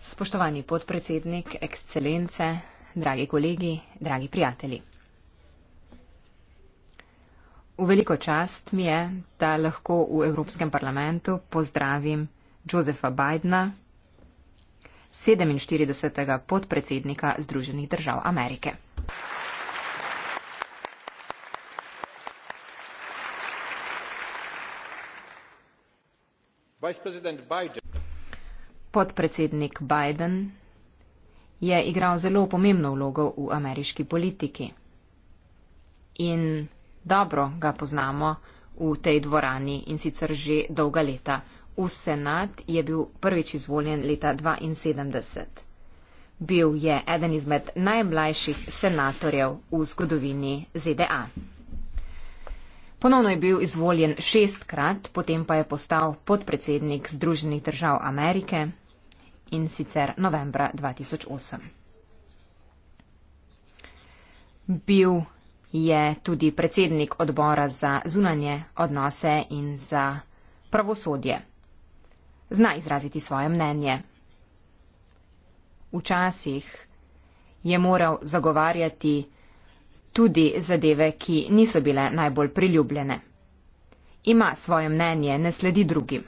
Spoštovani podpredsednik, ekscelence, dragi kolegi, dragi prijatelji. V veliko čast mi je, da lahko v Evropskem parlamentu pozdravim Josefa Bidna, 47. podpredsednika Združenih držav Amerike. Podpredsednik Biden je igral zelo pomembno vlogo v ameriški politiki in dobro ga poznamo v tej dvorani in sicer že dolga leta. V senat je bil prvič izvoljen leta 1972. Bil je eden izmed najmlajših senatorjev v zgodovini ZDA. Ponovno je bil izvoljen šestkrat, potem pa je postal podpredsednik Združenih držav Amerike in sicer novembra 2008. Bil je tudi predsednik odbora za zunanje odnose in za pravosodje. Zna izraziti svoje mnenje. Včasih je moral zagovarjati tudi zadeve, ki niso bile najbolj priljubljene. Ima svoje mnenje, ne sledi drugim.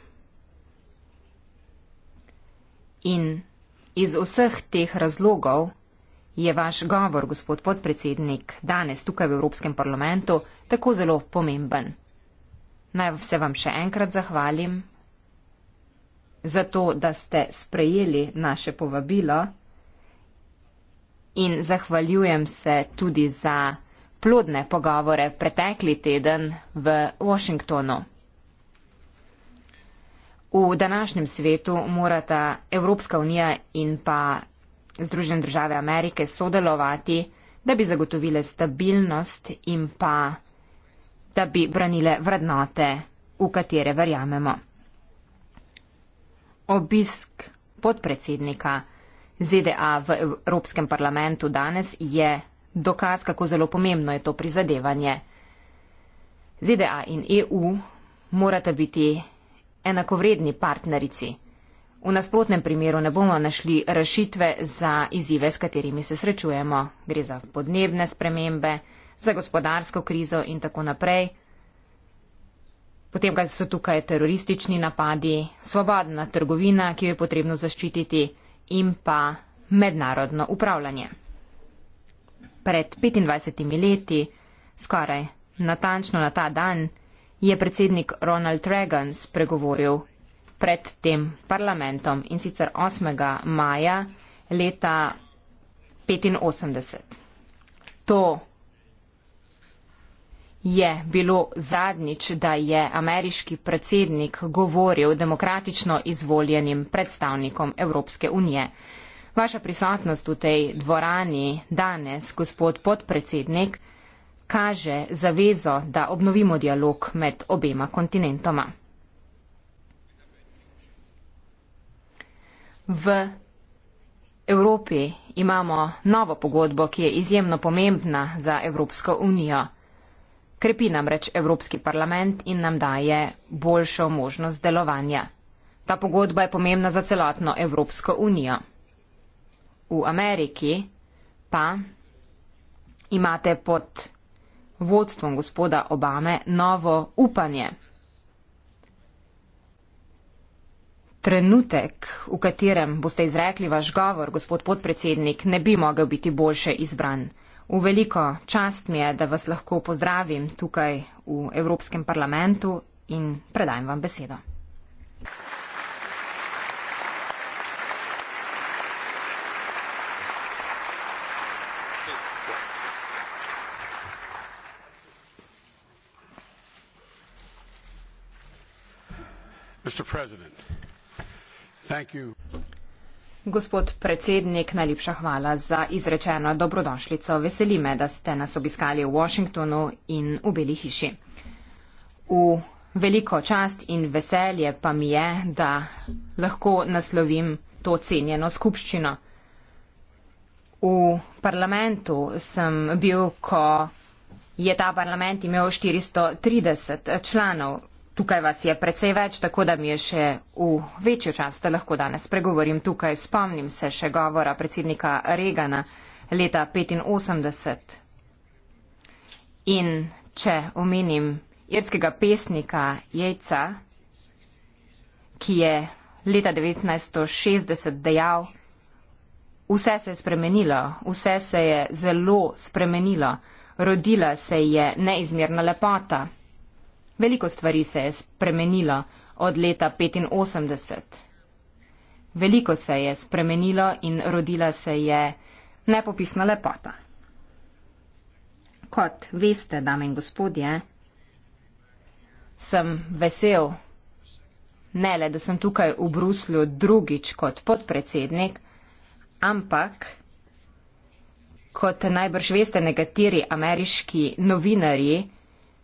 In iz vseh teh razlogov je vaš govor, gospod podpredsednik, danes tukaj v Evropskem parlamentu tako zelo pomemben. Naj se vam še enkrat zahvalim za to, da ste sprejeli naše povabilo in zahvaljujem se tudi za plodne pogovore pretekli teden v Washingtonu. V današnjem svetu morata Evropska unija in pa Združene države Amerike sodelovati, da bi zagotovile stabilnost in pa da bi branile vrednote, v katere verjamemo. Obisk podpredsednika ZDA v Evropskem parlamentu danes je dokaz, kako zelo pomembno je to prizadevanje. ZDA in EU morata biti enakovredni partnerici. V nasprotnem primeru ne bomo našli rešitve za izzive, s katerimi se srečujemo. Gre za podnebne spremembe, za gospodarsko krizo in tako naprej. Potem, kaj so tukaj teroristični napadi, svobodna trgovina, ki jo je potrebno zaščititi in pa mednarodno upravljanje. Pred 25 leti, skoraj natančno na ta dan, je predsednik Ronald Reagan spregovoril pred tem parlamentom in sicer 8. maja leta 1985. To je bilo zadnjič, da je ameriški predsednik govoril demokratično izvoljenim predstavnikom Evropske unije. Vaša prisotnost v tej dvorani danes, gospod podpredsednik, kaže zavezo, da obnovimo dialog med obema kontinentoma. V Evropi imamo novo pogodbo, ki je izjemno pomembna za Evropsko unijo. Krepi namreč Evropski parlament in nam daje boljšo možnost delovanja. Ta pogodba je pomembna za celotno Evropsko unijo. V Ameriki pa imate pod vodstvom gospoda Obame novo upanje. Trenutek, v katerem boste izrekli vaš govor, gospod podpredsednik, ne bi mogel biti boljše izbran. V veliko čast mi je, da vas lahko pozdravim tukaj v Evropskem parlamentu in predajem vam besedo. Mr. President, thank you. Gospod predsednik, najlepša hvala za izrečeno dobrodošljico. Veseli me, da ste nas obiskali v Washingtonu in v Beli hiši. V veliko čast in veselje pa mi je, da lahko naslovim to cenjeno skupščino. V parlamentu sem bil, ko je ta parlament imel 430 članov. Tukaj vas je precej več, tako da mi je še v večjo čast, da lahko danes pregovorim tukaj. Spomnim se še govora predsednika Regana leta 85. In če omenim irskega pesnika Jejca, ki je leta 1960 dejal, vse se je spremenilo, vse se je zelo spremenilo, rodila se je neizmerna lepota. Veliko stvari se je spremenilo od leta 1985. Veliko se je spremenilo in rodila se je nepopisna lepota. Kot veste, dame in gospodje, sem vesel, ne le, da sem tukaj v Bruslju drugič kot podpredsednik, ampak, kot najbrž veste, nekateri ameriški novinarji,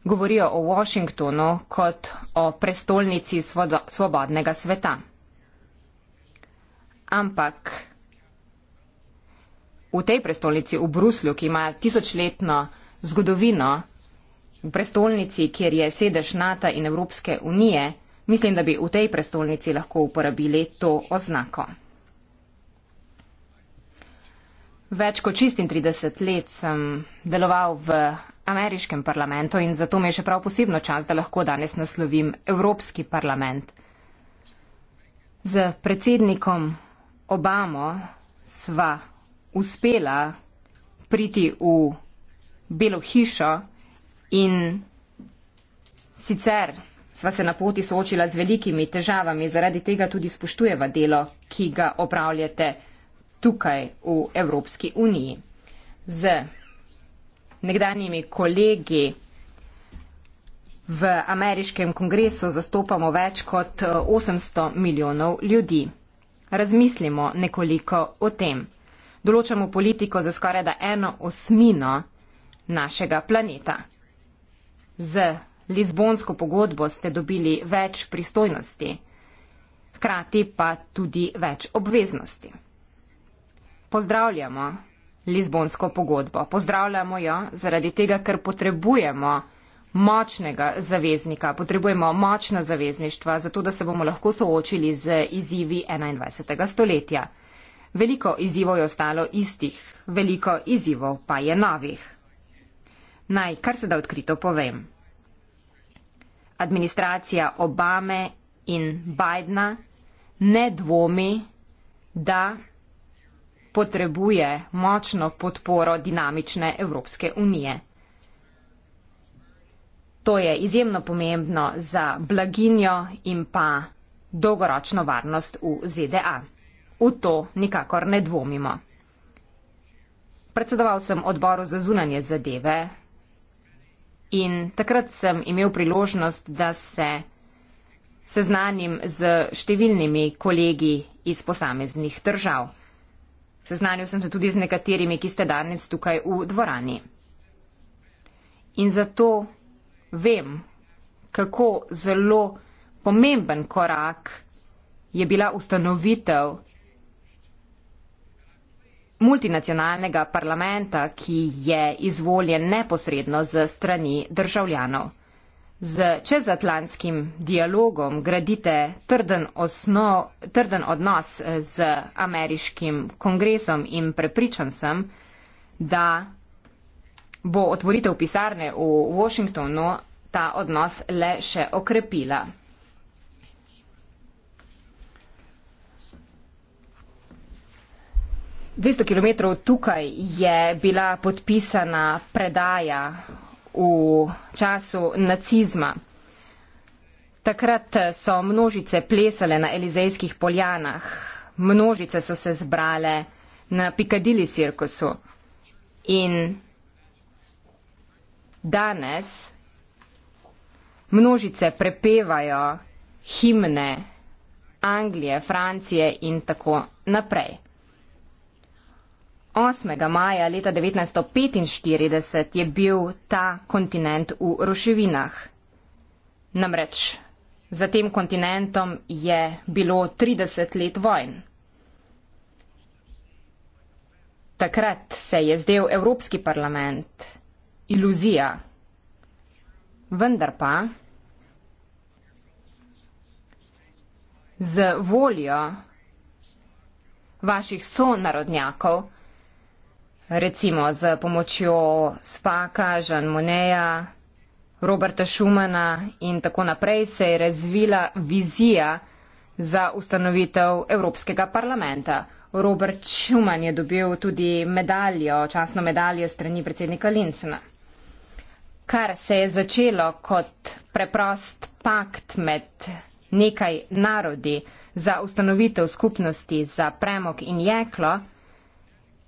govorijo o Washingtonu kot o prestolnici svobodnega sveta. Ampak v tej prestolnici, v Bruslju, ki ima tisočletno zgodovino, v prestolnici, kjer je sedež NATO in Evropske unije, mislim, da bi v tej prestolnici lahko uporabili to oznako. Več kot 36 let sem deloval v ameriškem parlamentu in zato me je še prav posebno čas, da lahko danes naslovim Evropski parlament. Z predsednikom Obamo sva uspela priti v Belo hišo in sicer sva se na poti soočila z velikimi težavami, zaradi tega tudi spoštujeva delo, ki ga opravljate tukaj v Evropski uniji. Z nekdanjimi kolegi v ameriškem kongresu zastopamo več kot 800 eh, milijonov ljudi. Razmislimo nekoliko o tem. Določamo politiko za skoraj da eno osmino našega planeta. Z Lizbonsko pogodbo ste dobili več pristojnosti, hkrati pa tudi več obveznosti. Pozdravljamo Lizbonsko pogodbo. Pozdravljamo jo zaradi tega, ker potrebujemo močnega zaveznika, potrebujemo močna zavezništva, zato da se bomo lahko soočili z izzivi 21. stoletja. Veliko izzivov je ostalo istih, veliko izzivov pa je novih. Naj kar se da odkrito povem. Administracija Obame in Bidna ne dvomi, da potrebuje močno podporo dinamične Evropske unije. To je izjemno pomembno za blaginjo in pa dolgoročno varnost v ZDA. V to nikakor ne dvomimo. Predsedoval sem odboru za zunanje zadeve in takrat sem imel priložnost, da se seznanim z številnimi kolegi iz posameznih držav. Seznanil sem se tudi z nekaterimi, ki ste danes tukaj v dvorani. In zato vem, kako zelo pomemben korak je bila ustanovitev multinacionalnega parlamenta, ki je izvoljen neposredno z strani državljanov z čezatlantskim dialogom gradite trden, osno, trden odnos eh, z ameriškim kongresom in prepričan sem, da bo otvoritev pisarne v Washingtonu ta odnos le še okrepila. Dvesto kilometrov tukaj je bila podpisana predaja v času nacizma. Takrat so množice plesale na elizejskih poljanah, množice so se zbrale na Pikadili cirkusu in danes množice prepevajo himne Anglije, Francije in tako naprej. 8. maja leta 1945 je bil ta kontinent v ruševinah. Namreč za tem kontinentom je bilo 30 let vojn. Takrat se je zdel Evropski parlament iluzija. Vendar pa z voljo vaših sonarodnjakov recimo z pomočjo Spaka, Žan Moneja, Roberta Šumana in tako naprej se je razvila vizija za ustanovitev Evropskega parlamenta. Robert Šuman je dobil tudi medaljo, časno medaljo strani predsednika Linsena. Kar se je začelo kot preprost pakt med nekaj narodi za ustanovitev skupnosti za premog in jeklo,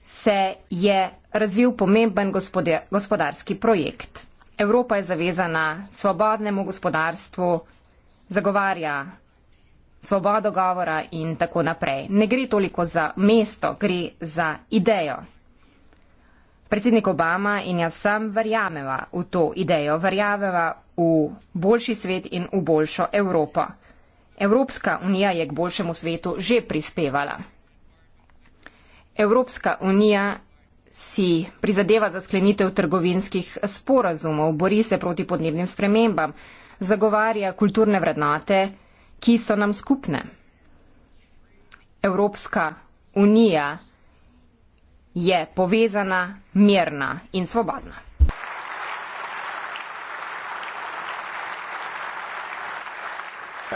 se je razvil pomemben gospode, gospodarski projekt. Evropa je zavezana svobodnemu gospodarstvu, zagovarja svobodo govora in tako naprej. Ne gre toliko za mesto, gre za idejo. Predsednik Obama in jaz sem verjameva v to idejo, verjameva v boljši svet in v boljšo Evropo. Evropska unija je k boljšemu svetu že prispevala. Evropska unija si prizadeva za sklenitev trgovinskih sporazumov, bori se proti podnebnim spremembam, zagovarja kulturne vrednote, ki so nam skupne. Evropska unija je povezana, mirna in svobodna.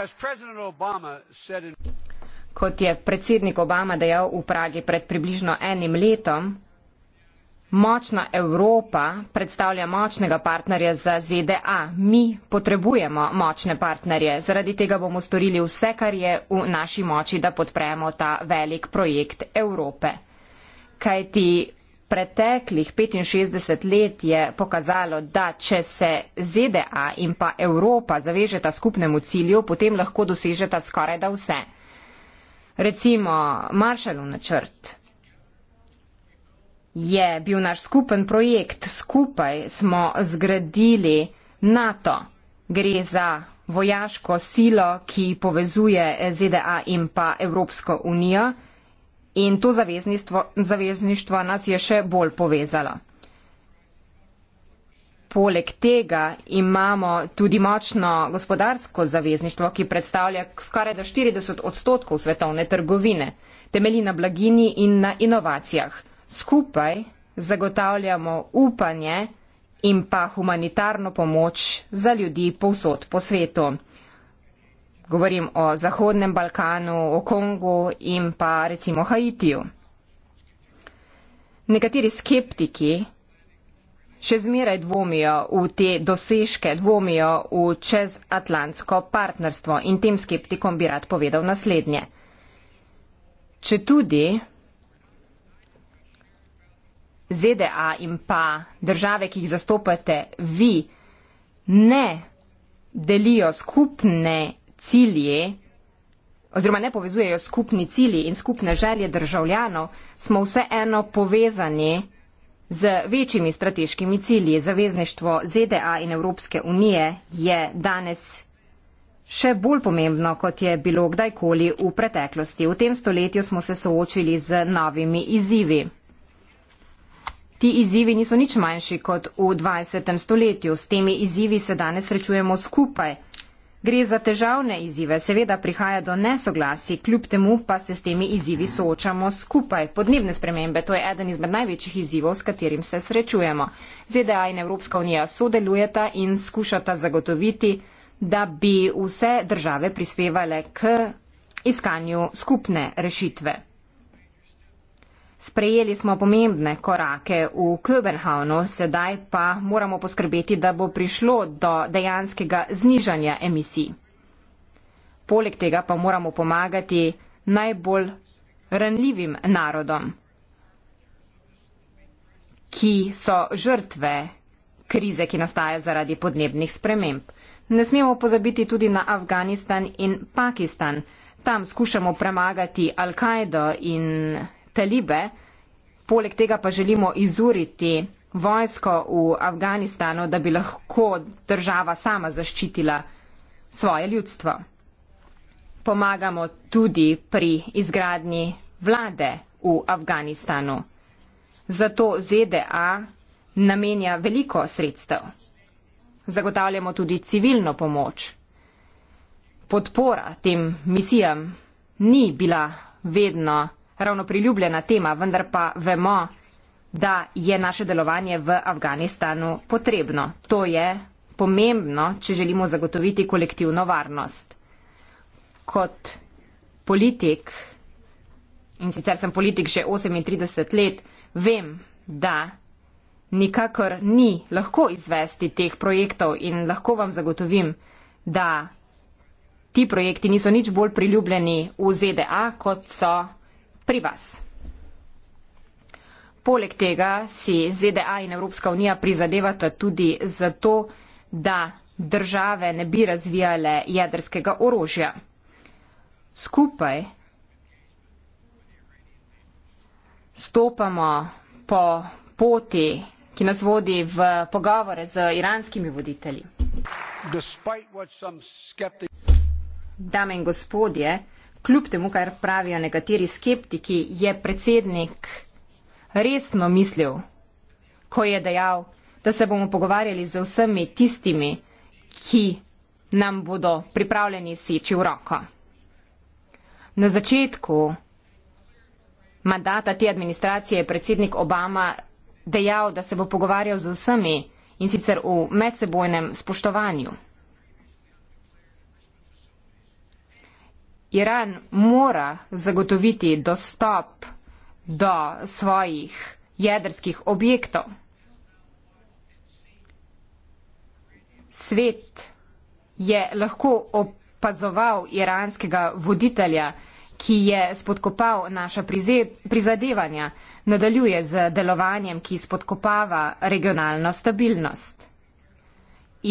As President Obama said in kot je predsednik Obama dejal v Pragi pred približno enim letom, močna Evropa predstavlja močnega partnerja za ZDA. Mi potrebujemo močne partnerje. Zaradi tega bomo storili vse, kar je v naši moči, da podpremo ta velik projekt Evrope. Kajti preteklih 65 let je pokazalo, da če se ZDA in pa Evropa zavežeta skupnemu cilju, potem lahko dosežeta skoraj da vse recimo Marshallov načrt. Je bil naš skupen projekt, skupaj smo zgradili NATO. Gre za vojaško silo, ki povezuje ZDA in pa Evropsko unijo in to zavezništvo, zavezništvo nas je še bolj povezalo. Poleg tega imamo tudi močno gospodarsko zavezništvo, ki predstavlja skoraj da 40 odstotkov svetovne trgovine, temelji na blagini in na inovacijah. Skupaj zagotavljamo upanje in pa humanitarno pomoč za ljudi povsod po svetu. Govorim o Zahodnem Balkanu, o Kongu in pa recimo Haitiju. Nekateri skeptiki še zmeraj dvomijo v te dosežke, dvomijo v čezatlantsko partnerstvo in tem skeptikom bi rad povedal naslednje. Če tudi ZDA in pa države, ki jih zastopate vi, ne delijo skupne cilje, oziroma ne povezujejo skupni cilji in skupne želje državljanov, smo vseeno povezani Z večjimi strateškimi cilji zavezništvo ZDA in Evropske unije je danes še bolj pomembno, kot je bilo kdajkoli v preteklosti. V tem stoletju smo se soočili z novimi izzivi. Ti izzivi niso nič manjši kot v 20. stoletju. S temi izzivi se danes srečujemo skupaj. Gre za težavne izzive, seveda prihaja do nesoglasi, kljub temu pa se s temi izzivi soočamo skupaj. Podnebne spremembe, to je eden izmed največjih izzivov, s katerim se srečujemo. ZDA in Evropska unija sodelujeta in skušata zagotoviti, da bi vse države prispevale k iskanju skupne rešitve. Sprejeli smo pomembne korake v Köbenhavnu, sedaj pa moramo poskrbeti, da bo prišlo do dejanskega znižanja emisij. Poleg tega pa moramo pomagati najbolj ranljivim narodom, ki so žrtve krize, ki nastaja zaradi podnebnih sprememb. Ne smemo pozabiti tudi na Afganistan in Pakistan. Tam skušamo premagati Al-Kaido in talibe, poleg tega pa želimo izuriti vojsko v Afganistanu, da bi lahko država sama zaščitila svoje ljudstvo. Pomagamo tudi pri izgradnji vlade v Afganistanu. Zato ZDA namenja veliko sredstev. Zagotavljamo tudi civilno pomoč. Podpora tem misijam ni bila vedno ravno priljubljena tema, vendar pa vemo, da je naše delovanje v Afganistanu potrebno. To je pomembno, če želimo zagotoviti kolektivno varnost. Kot politik, in sicer sem politik že 38 let, vem, da nikakor ni lahko izvesti teh projektov in lahko vam zagotovim, da ti projekti niso nič bolj priljubljeni v ZDA, kot so pri vas. Poleg tega si ZDA in Evropska unija prizadevata tudi za to, da države ne bi razvijale jedrskega orožja. Skupaj stopamo po poti, ki nas vodi v pogovore z iranskimi voditelji. Dame in gospodje, kljub temu, kar pravijo nekateri skeptiki, je predsednik resno mislil, ko je dejal, da se bomo pogovarjali z vsemi tistimi, ki nam bodo pripravljeni seči v roko. Na začetku mandata te administracije je predsednik Obama dejal, da se bo pogovarjal z vsemi in sicer v medsebojnem spoštovanju. Iran mora zagotoviti dostop do svojih jedrskih objektov. Svet je lahko opazoval iranskega voditelja, ki je spodkopal naša prizadevanja, nadaljuje z delovanjem, ki spodkopava regionalno stabilnost.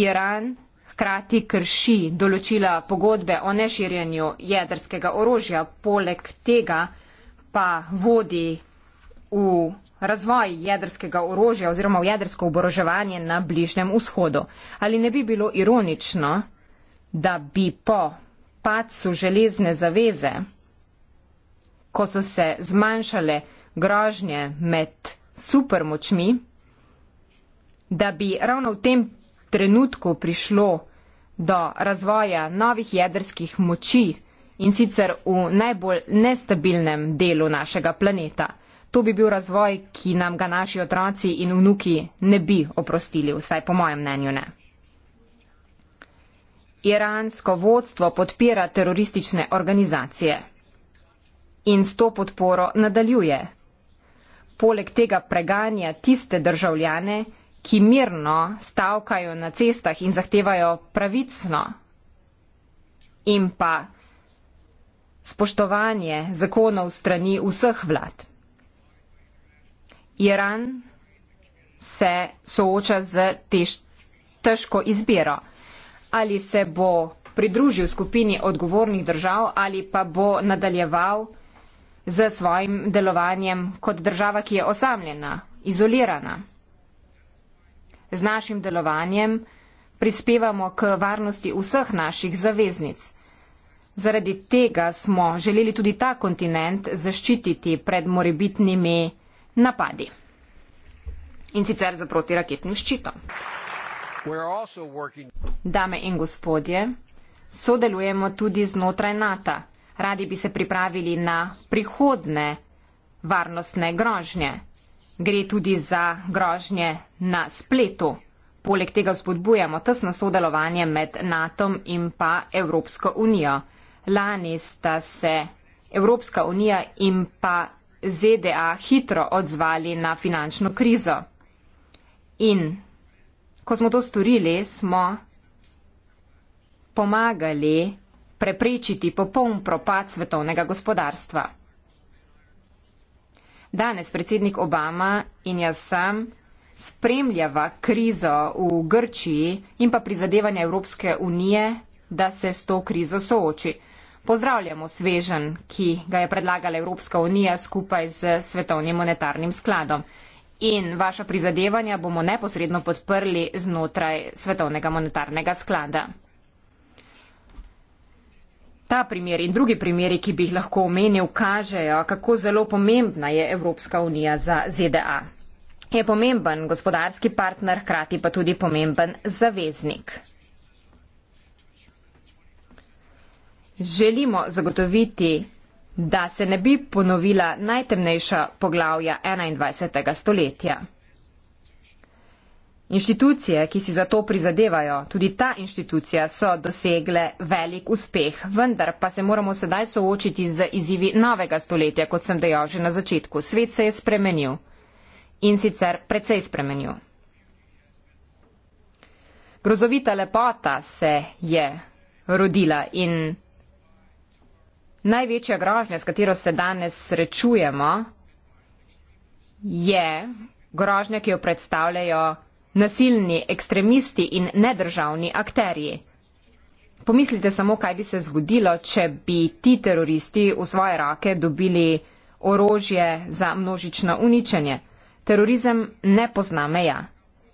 Iran hkrati krši določila pogodbe o neširjenju jedrskega orožja, poleg tega pa vodi v razvoj jedrskega orožja oziroma v jedrsko oboroževanje na Bližnem vzhodu. Ali ne bi bilo ironično, da bi po pacu železne zaveze, ko so se zmanjšale grožnje med supermočmi, da bi ravno v tem trenutku prišlo do razvoja novih jedrskih moči in sicer v najbolj nestabilnem delu našega planeta. To bi bil razvoj, ki nam ga naši otroci in vnuki ne bi oprostili, vsaj po mojem mnenju ne. Iransko vodstvo podpira teroristične organizacije in s to podporo nadaljuje. Poleg tega preganja tiste državljane, ki mirno stavkajo na cestah in zahtevajo pravicno in pa spoštovanje zakonov strani vseh vlad. Iran se sooča z tež, težko izbiro, ali se bo pridružil skupini odgovornih držav ali pa bo nadaljeval z svojim delovanjem kot država, ki je osamljena, izolirana z našim delovanjem prispevamo k varnosti vseh naših zaveznic. Zaradi tega smo želeli tudi ta kontinent zaščititi pred morebitnimi napadi. In sicer za protiraketnim ščitom. Dame in gospodje, sodelujemo tudi znotraj NATO. Radi bi se pripravili na prihodne varnostne grožnje gre tudi za grožnje na spletu. Poleg tega spodbujamo tesno sodelovanje med NATO in pa Evropsko unijo. Lani sta se Evropska unija in pa ZDA hitro odzvali na finančno krizo. In ko smo to storili, smo pomagali preprečiti popoln propad svetovnega gospodarstva. Danes predsednik Obama in jaz sam spremljava krizo v Grčiji in pa prizadevanja Evropske unije, da se s to krizo sooči. Pozdravljamo svežen, ki ga je predlagala Evropska unija skupaj z Svetovnim monetarnim skladom. In vaša prizadevanja bomo neposredno podprli znotraj Svetovnega monetarnega sklada. Ta primer in drugi primeri, ki bi jih lahko omenil, kažejo, kako zelo pomembna je Evropska unija za ZDA. Je pomemben gospodarski partner, hkrati pa tudi pomemben zaveznik. Želimo zagotoviti, da se ne bi ponovila najtemnejša poglavja 21. stoletja. Inštitucije, ki si za to prizadevajo, tudi ta inštitucija, so dosegle velik uspeh, vendar pa se moramo sedaj soočiti z izzivi novega stoletja, kot sem dejal že na začetku. Svet se je spremenil in sicer precej spremenil. Grozovita lepota se je rodila in največja grožnja, s katero se danes srečujemo, je grožnja, ki jo predstavljajo nasilni ekstremisti in nedržavni akterji. Pomislite samo, kaj bi se zgodilo, če bi ti teroristi v svoje rake dobili orožje za množično uničenje. Terorizem ne pozna meja.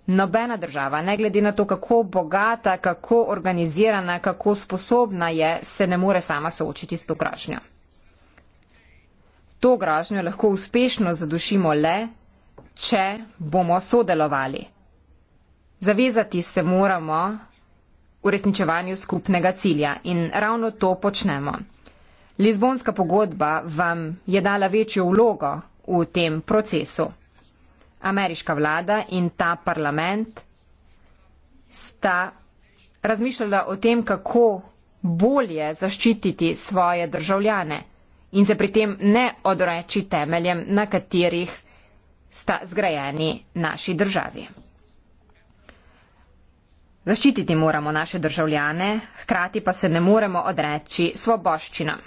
Nobena država, ne glede na to, kako bogata, kako organizirana, kako sposobna je, se ne more sama soočiti s to gražnjo. To gražnjo lahko uspešno zadušimo le, če bomo sodelovali. Zavezati se moramo uresničevanju skupnega cilja in ravno to počnemo. Lizbonska pogodba vam je dala večjo vlogo v tem procesu. Ameriška vlada in ta parlament sta razmišljala o tem, kako bolje zaščititi svoje državljane in se pri tem ne odreči temeljem, na katerih sta zgrajeni naši državi. Zaščititi moramo naše državljane, hkrati pa se ne moremo odreči svoboščinam.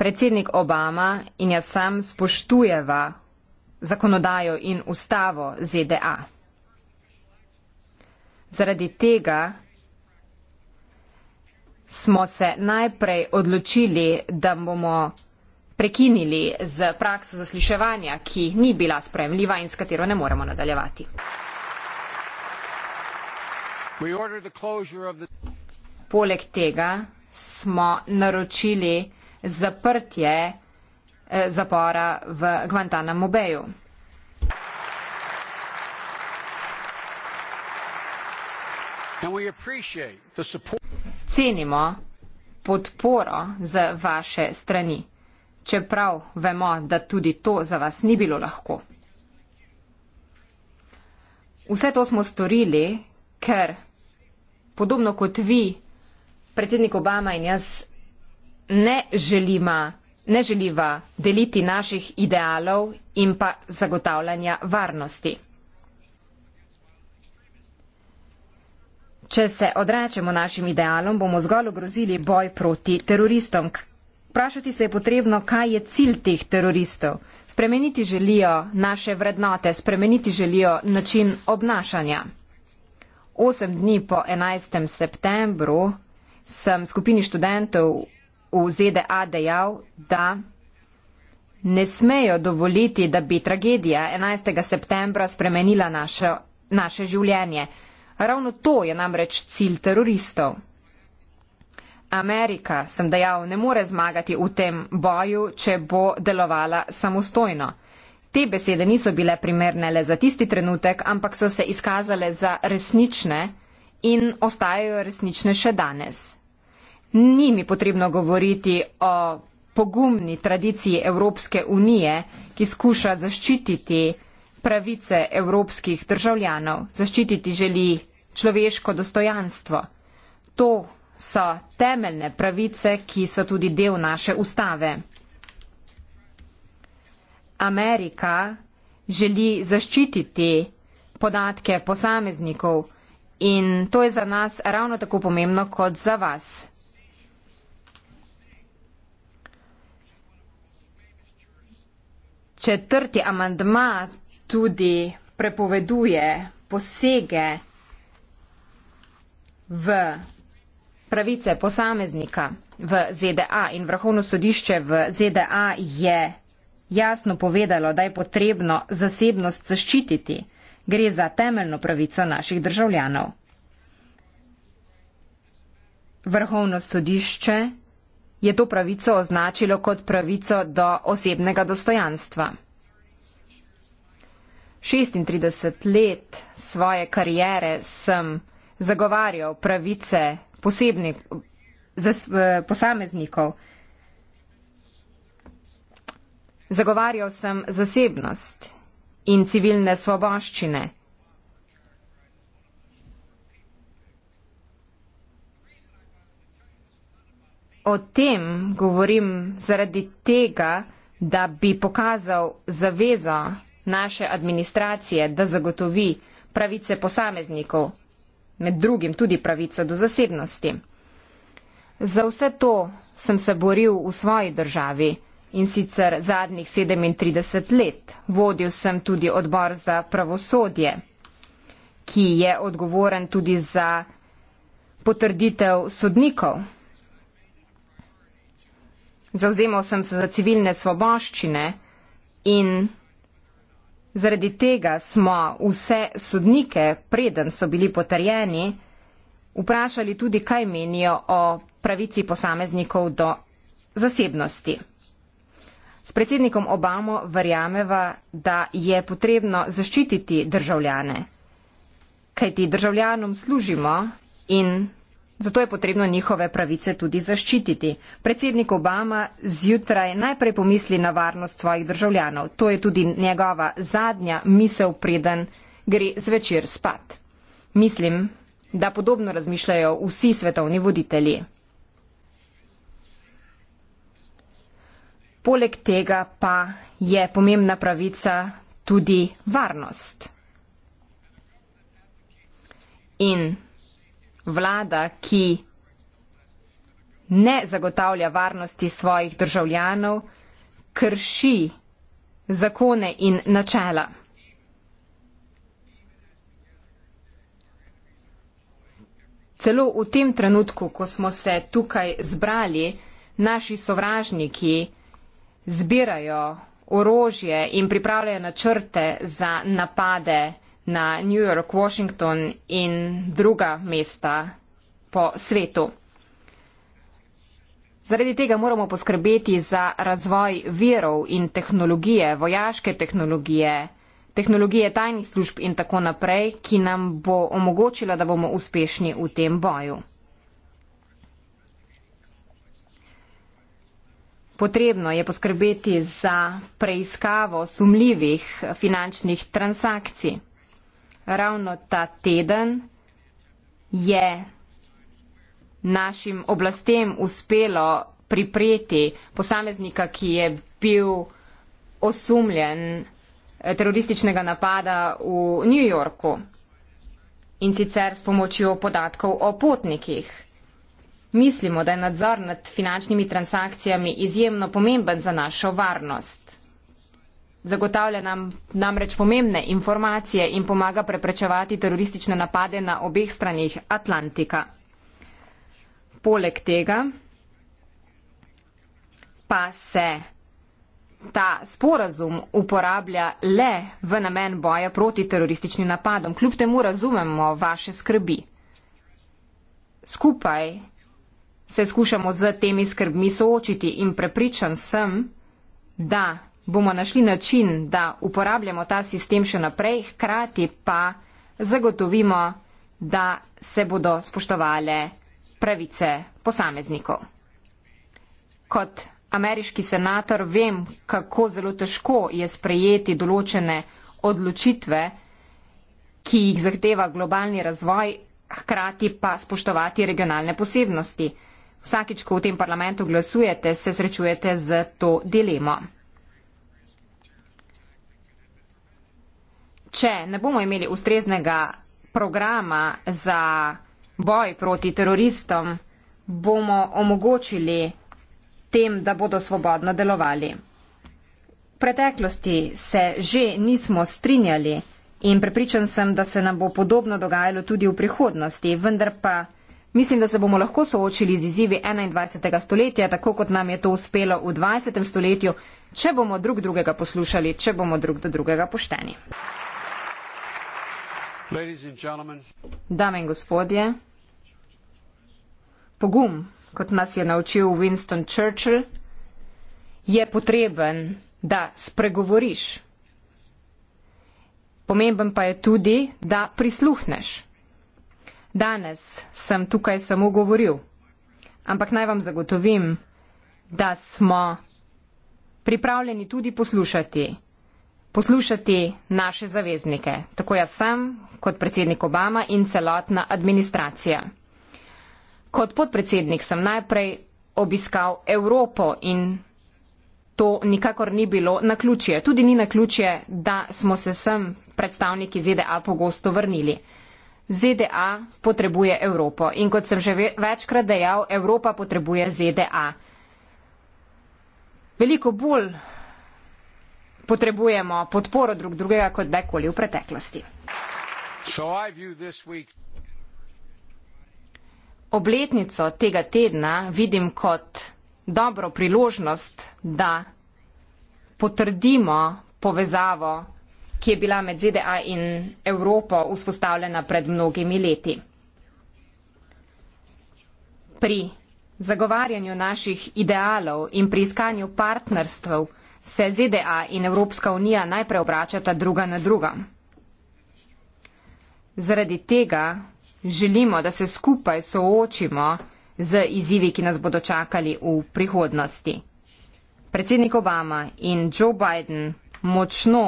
Predsednik Obama in jaz sam spoštujeva zakonodajo in ustavo ZDA. Zaradi tega smo se najprej odločili, da bomo prekinili z prakso zasliševanja, ki ni bila spremljiva in s katero ne moremo nadaljevati. Poleg tega smo naročili zaprtje eh, zapora v Guantanamo Bayu. Cenimo podporo z vaše strani, čeprav vemo, da tudi to za vas ni bilo lahko. Vse to smo storili, ker podobno kot vi, predsednik Obama in jaz, ne želiva, ne želiva deliti naših idealov in pa zagotavljanja varnosti. Če se odrečemo našim idealom, bomo zgolj ogrozili boj proti teroristom. Vprašati se je potrebno, kaj je cilj teh teroristov. Spremeniti želijo naše vrednote, spremeniti želijo način obnašanja. Osem dni po 11. septembru sem skupini študentov v ZDA dejal, da ne smejo dovoliti, da bi tragedija 11. septembra spremenila naše, naše življenje. Ravno to je namreč cilj teroristov. Amerika, sem dejal, ne more zmagati v tem boju, če bo delovala samostojno. Te besede niso bile primerne le za tisti trenutek, ampak so se izkazale za resnične in ostajajo resnične še danes. Ni mi potrebno govoriti o pogumni tradiciji Evropske unije, ki skuša zaščititi pravice evropskih državljanov, zaščititi želi človeško dostojanstvo. To so temeljne pravice, ki so tudi del naše ustave. Amerika želi zaščititi podatke posameznikov in to je za nas ravno tako pomembno kot za vas. Četrti amandma tudi prepoveduje posege v pravice posameznika v ZDA in Vrhovno sodišče v ZDA je jasno povedalo, da je potrebno zasebnost zaščititi. Gre za temeljno pravico naših državljanov. Vrhovno sodišče je to pravico označilo kot pravico do osebnega dostojanstva. 36 let svoje kariere sem zagovarjal pravice posebnih posameznikov, Zagovarjal sem zasebnost in civilne svoboščine. O tem govorim zaradi tega, da bi pokazal zavezo naše administracije, da zagotovi pravice posameznikov, med drugim tudi pravico do zasebnosti. Za vse to sem se boril v svoji državi in sicer zadnjih 37 let. Vodil sem tudi odbor za pravosodje, ki je odgovoren tudi za potrditev sodnikov. Zauzemal sem se za civilne svoboščine in zaradi tega smo vse sodnike, preden so bili potrjeni, vprašali tudi, kaj menijo o pravici posameznikov do zasebnosti. S predsednikom Obamo verjameva, da je potrebno zaščititi državljane, kajti državljanom služimo in zato je potrebno njihove pravice tudi zaščititi. Predsednik Obama zjutraj najprej pomisli na varnost svojih državljanov. To je tudi njegova zadnja misel, preden gre zvečer spat. Mislim, da podobno razmišljajo vsi svetovni voditelji. poleg tega pa je pomembna pravica tudi varnost. In vlada, ki ne zagotavlja varnosti svojih državljanov, krši zakone in načela. Celo v tem trenutku, ko smo se tukaj zbrali, naši sovražniki zbirajo orožje in pripravljajo načrte za napade na New York, Washington in druga mesta po svetu. Zaradi tega moramo poskrbeti za razvoj virov in tehnologije, vojaške tehnologije, tehnologije tajnih služb in tako naprej, ki nam bo omogočila, da bomo uspešni v tem boju. Potrebno je poskrbeti za preiskavo sumljivih finančnih transakcij. Ravno ta teden je našim oblastem uspelo pripreti posameznika, ki je bil osumljen eh, terorističnega napada v New Yorku in sicer s pomočjo podatkov o potnikih. Mislimo, da je nadzor nad finančnimi transakcijami izjemno pomemben za našo varnost. Zagotavlja nam namreč pomembne informacije in pomaga preprečevati teroristične napade na obeh stranih Atlantika. Poleg tega pa se ta sporazum uporablja le v namen boja proti terorističnim napadom. Kljub temu razumemo vaše skrbi. Skupaj se skušamo z temi skrbmi soočiti in prepričan sem, da bomo našli način, da uporabljamo ta sistem še naprej, hkrati pa zagotovimo, da se bodo spoštovale pravice posameznikov. Kot ameriški senator vem, kako zelo težko je sprejeti določene odločitve, ki jih zahteva globalni razvoj, hkrati pa spoštovati regionalne posebnosti. Vsakič, ko v tem parlamentu glasujete, se srečujete z to dilemo. Če ne bomo imeli ustreznega programa za boj proti teroristom, bomo omogočili tem, da bodo svobodno delovali. V preteklosti se že nismo strinjali in prepričan sem, da se nam bo podobno dogajalo tudi v prihodnosti, vendar pa. Mislim, da se bomo lahko soočili z izzivi 21. stoletja, tako kot nam je to uspelo v 20. stoletju, če bomo drug drugega poslušali, če bomo drug do drugega pošteni. Dame in gospodje, pogum, kot nas je naučil Winston Churchill, je potreben, da spregovoriš. Pomemben pa je tudi, da prisluhneš. Danes sem tukaj samo govoril, ampak naj vam zagotovim, da smo pripravljeni tudi poslušati, poslušati naše zaveznike, tako jaz sem, kot predsednik Obama in celotna administracija. Kot podpredsednik sem najprej obiskal Evropo in to nikakor ni bilo na ključje. Tudi ni na ključje, da smo se sem predstavniki ZDA pogosto vrnili. ZDA potrebuje Evropo. In kot sem že večkrat dejal, Evropa potrebuje ZDA. Veliko bolj potrebujemo podporo drug drugega kot kdajkoli v preteklosti. Obletnico tega tedna vidim kot dobro priložnost, da potrdimo povezavo ki je bila med ZDA in Evropo vzpostavljena pred mnogimi leti. Pri zagovarjanju naših idealov in pri iskanju partnerstv se ZDA in Evropska unija najprej obračata druga na druga. Zaradi tega želimo, da se skupaj soočimo z izzivi, ki nas bodo čakali v prihodnosti. Predsednik Obama in Joe Biden močno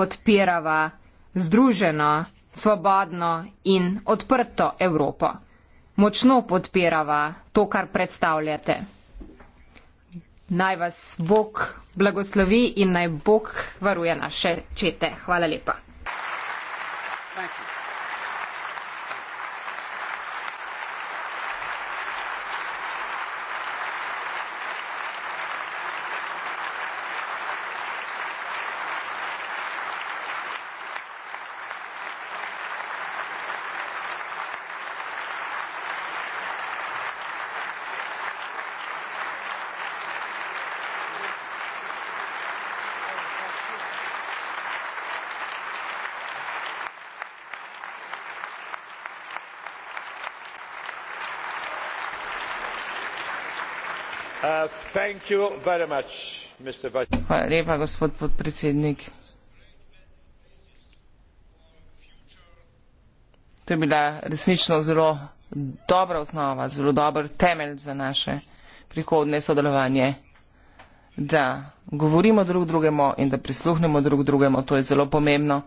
podpirava združeno, svobodno in odprto Evropo. Močno podpirava to, kar predstavljate. Naj vas Bog blagoslovi in naj Bog varuje naše čete. Hvala lepa. Uh, hvala lepa gospod podpredsednik to je bila resnično zelo dobra osnova zelo dober temelj za naše prihodne sodelovanje da govorimo drug drugemu in da prisluhnemo drug drugemu to je zelo pomembno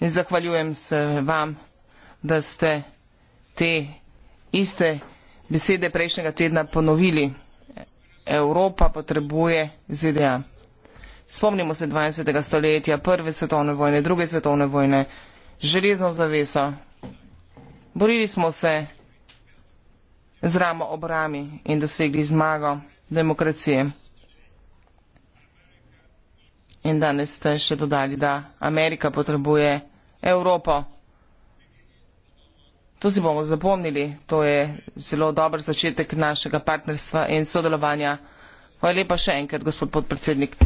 in zahvaljujem se vam da ste te iste besede prejšnjega tedna ponovili Evropa potrebuje ZDA. Spomnimo se 20. stoletja, prve svetovne vojne, druge svetovne vojne, železno zaveso. Borili smo se z ramo ob rami in dosegli zmago demokracije. In danes ste še dodali, da Amerika potrebuje Evropo. To si bomo zapomnili. To je zelo dober začetek našega partnerstva in sodelovanja. Hvala lepa še enkrat, gospod podpredsednik.